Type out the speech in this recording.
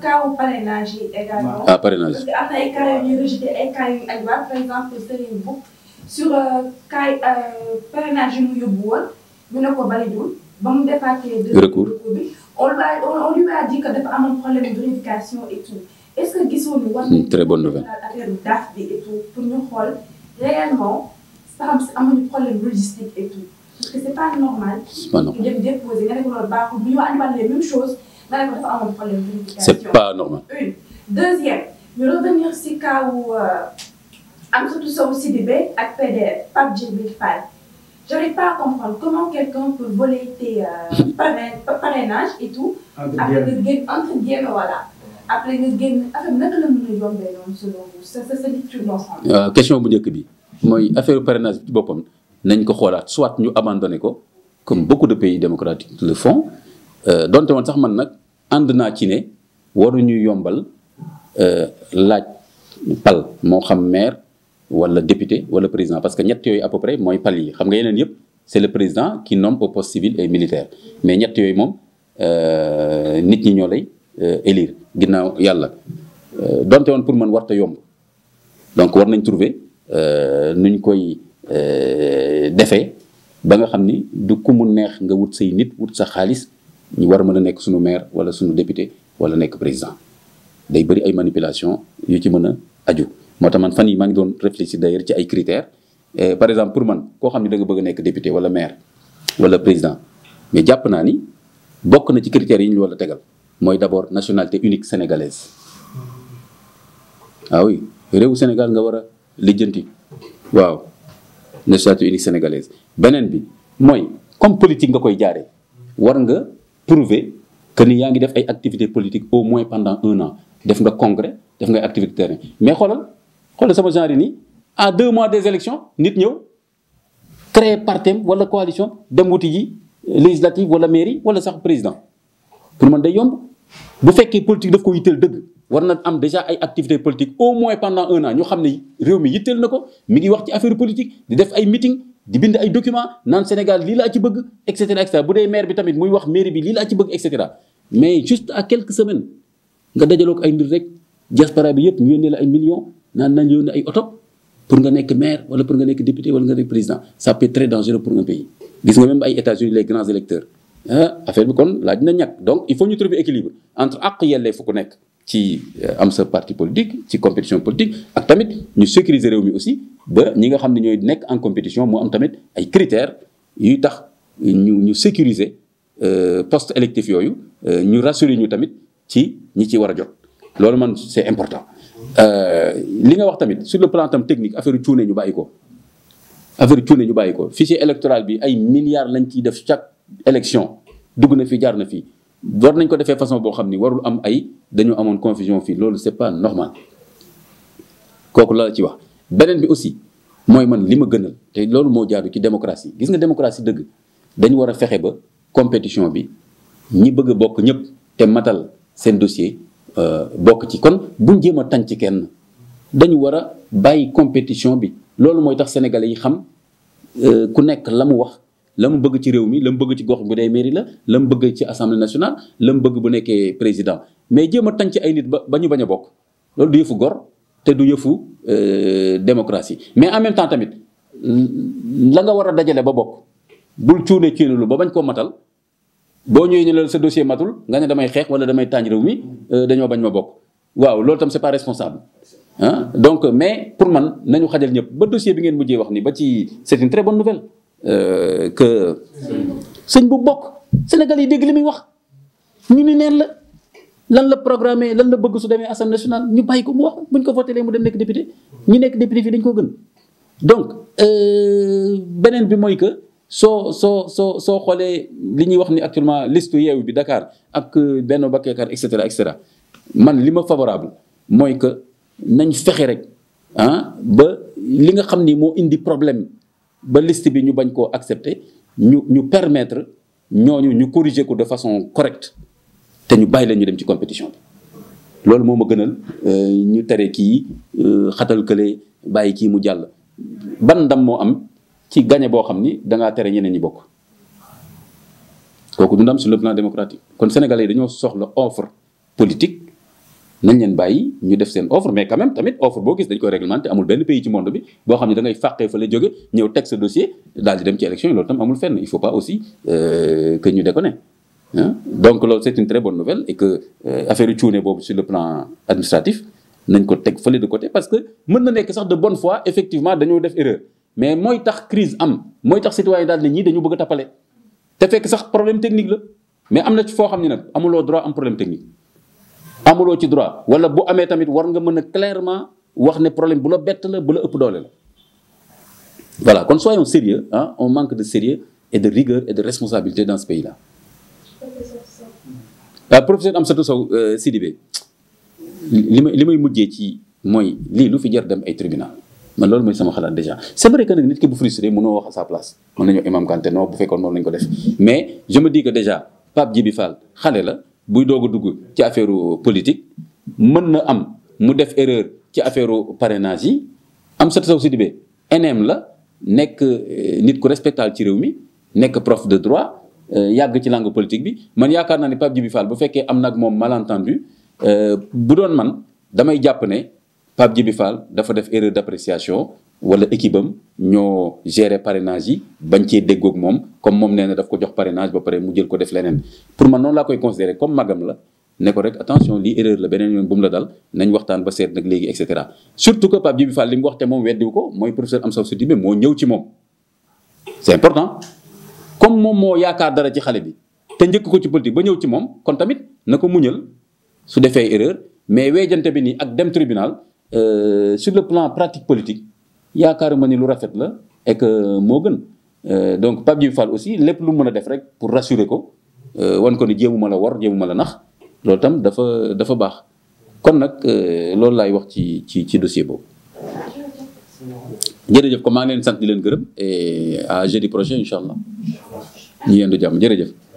kaw parrainage yi également. ah parrainage parce que am na ay cas yu ñuy par exemple poster Serigne Mboup sur cas euh, euh, parrainage yi mu yóbbu woon ñu ne ko validul ba mu dépassé. recours on lui a on lui a dit que dafa amoon problème de vérification et tout est ce que gisoo ñu. war hmm, très bonne nouvelle affaire daaf et tout pour nous xool réellement sax un problème logistique et tout parce que c' est pas normal. c' pas normal ñu dem déposé nga ne ko loolu baaxul bu ñu andiwaat les mêmes choses c'est pas normal. une deuxième revenir euh, où, aussi avec j'arrive pas à comprendre comment quelqu'un peut voler tes euh, parrainages et tout. après voilà. après le selon vous c'est euh, question bu dire bi mooy affaire parrainage bi soit comme beaucoup de pays démocratiques le font. Euh, donte won sax man nak and na ci ne ñu yombal euh laaj pal mo xam maire wala député wala président parce que ñett yoy à peu près moy pal yi xam nga yeneen yépp c'est le président qui nomme au poste civil et militaire mais ñett mom euh nit ñi ñolay lay euh, élire ginnaaw yàlla euh, donte won pour man warta yomb donc war nañ trouver euh nuñ koy euh défé ba nga xam ni du ku mu neex nga wut say nit wut sa xaliss ni war mëna mën nekk suñu maire wala suñu député wala nekk président day bari ay manipulation yu ci mëna a aju moo tax man fan yi maa ngi doon réfléchir d'ailleurs ci ay critères eh, par exemple pour man koo xam ne da nga bëgg a nekk député wala maire wala président mais jàpp naa ni bokk na ci critères yi ñu wala tegal mooy d'abord nationalité unique sénégalaise ah oui réewu Sénégal nga war a lijjanti waaw nationalité unique sénégalaise beneen bi mooy comme politique nga koy jaaree war nga prouver que nous avons ngi def ay activités politiques au moins pendant un an def nga congrès def nga activité terrain mais quoi xoolal sama genre yi à en deux mois des élections nit très créer partem la coalition de wuti législative législative la mairie wala le président pour man day yomb bu fekkee politique daf ko yitteel dëgg war na déjà ay activités politiques au moins pendant un an nous savons que réew mi yitteel na Mais mi ngi wax ci affaire politique di def ay meeting di bind ay document naan Sénégal lii laa ci bëgg et cetera et cetera bu dee maire bi tamit muy wax mairie bi lii laa ci bëgg et cetera mais juste à quelques semaines nga dajaloog ay ndir rek diaspora bi yëpp ñu yónnee la ay million naan nañ yónnee ay oto pour nga nekk maire wala pour nga nekk député wala nga nekk président ça peut être très dangereux pour un pays. gis nga même ay États-Unis les grands électeurs ah bi kon laaj na ñàkk donc il faut ñu trouver équilibre entre àq yelleef ku nekk. ci euh, am sa parti politique ci compétition politique ak tamit ñu sécuriser réew mi aussi ba ñi nga xamni ñoy nek en compétition moo am tamit ay critères yu tax ñu ñu sécuriser euh poste électif yoyu euh, ñu rassurer ñu tamit ci ñi ci wara jot loolu man c'est important euh li nga wax tamit sur le plan tam technique affaire cuune ñu bayiko affaire cuune ñu bayiko ko fichier électoral bi ay milliards lañ ciy def chaque élection dugna fi jaar na fii war nañ ko defee façon boo xam ni warul am ay dañu amoon confusion fii loolu c'est pas normal kooku la ci wax beneen bi aussi mooy man li ma gënal te loolu moo jaadu ci démocratie gis nga démocratie dëgg dañu war a fexe ba compétition bi ñi bëgg a bokk ñëpp te matal seen dossier euh, bokk ci kon buñ jéem a tànc kenn dañu war a bàyyi compétition bi loolu mooy tax sénégalais yi xam euh, ku nekk la mu wax la mu bëgg ci réew mi la mu bëgg ci gox bu dee mairie la la mu bëgg ci assemblée nationale la mu bëgg bu nekkee président mais jéem a ci ay nit ba ba ñu bañ a bokk loolu du yëfu gor te du yëfu euh, démocratie mais en même tamit la war a ba bokk bul cuune cuune lu ba bañ koo matal boo ñëwee ñu la sa dossier matul nga ne damay xeex wala damay tànj réew mi euh, dañoo bañ ma bokk waaw loolu tam c'est pas responsable donc mais pour man nañu xajal ñëpp ba dossier bi ngeen mujjee wax ni ba ci c'est une très bonne nouvelle Euh, que sëñ bu bokk Sénégal yi dégg li muy wax ñu ni neen la lan la programmé lan la bëgg su demee assemblée nationale ñu bàyyi ko mu wax buñ ko voté mu dem nekk député ñu nekk député fii dañ ko gën donc euh, beneen bi mooy que soo soo soo soo xoolee li ñuy wax ni actuellement liste yeewu bi dakaar ak euh, benn Bokk Yaakaar et cetera et cetera man li ma favorable mooy que nañ fexe rek ah ba li nga xam ni moo indi problème ba liste bi ñu bañ koo accepter ñu ñu permettre ñooñu ñu corriger ko de façon correcte te ñu bàyyi leen ñu dem ci compétition bi loolu moo ma gënal euh, ñu tere kii euh, xatal kële bàyyi kii mu jàll ban ndam moo am ci gañe boo xam ni da ngaa tere ñeneen ñi bokk kooku du ndam sur le plan démocratique kon sénégalais yi dañoo soxla offre politique nañ leen bàyyi ñu def seen offre mais quand même tamit offre boo gis dañ koy réglementé amul benn pays ci monde bi boo xam ne da ngay fàqee fa la jóge ñëw teg dossier daal di dem ci élection loolu tam amul fenn il faut pas aussi euh, que ñu déconne hein. donc loolu c'est une très bonne nouvelle et que euh, affaire yu cuune boobu sur le plan administratif nañ ko teg fële de côté parce que mën na nekk sax de bonne foi effectivement dañoo def erreur mais mooy tax crise am mooy tax citoyen daal ne ñii dañu bëgg a tappale te fekk sax problème technique la mais am na ci foo xam ne nag amuloo droit am problème technique amulo ci droit wala bu amé tamit war nga mën a clairement wax ne problème bu la bett la bu la ëpp doole la voilà kon soyons sérieux hein on manque de sérieux et de rigueur et de responsabilité dans ce pays là La euh, professeur Amsatou Sow euh, Sidibé li may li may mujjee ci moy li lu fi jër dem ay tribunal man loolu moy sama xalaat déjà c'est vrai que nak nit ki bu frustré mëno wax à sa place mën nañu imam Kanté non bu fekkoon non lañ ko def mais je me dis que déjà Pape Djibi Fall xale la buy doog a dugg ci affaire politique mën na am mu def erreur ci affaire parrainage yi Amsatou Sow Sidibé eneem la nekk eh, nit ku respectable ci réew mi nekk prof de droit eh, yàgg ci langue politique bi man yaakaar naa ne Pape Djibi Fall bu fekkee am nag moom malentendu eh, bu doon man damay jàpp ne Pape Djibi Fall dafa def erreur d'appréciation wala équipe ñoo gérer parrainage bañ cee comme na daf ko jox pour man koy comme magam la ne ko rek attention lii erreur la surtout que Pape Djibril Fall li mu wax moom ko professeur c'est important comme moom moo yaakaar dara ci xale bi te njëkk ko ci politique ba ñëw ci tamit mais bi ak tribunal euh, sur le plan pratique politique yaakaar ma ni lu rafet la et que moo gën euh, donc Pape Djibril Fall aussi lépp lu mën a def rek pour rassurer ko euh, wan ko ni jéemuma la wor jéemuma la nax loolu tam dafa dafa baax kon nag euh, loolu laay wax ci ci ci dossier boobu. jërëjëf ko maa ngi leen sant di leen gërëm et à jeudi prochain incha allah ñu yendu jàmm jërëjëf.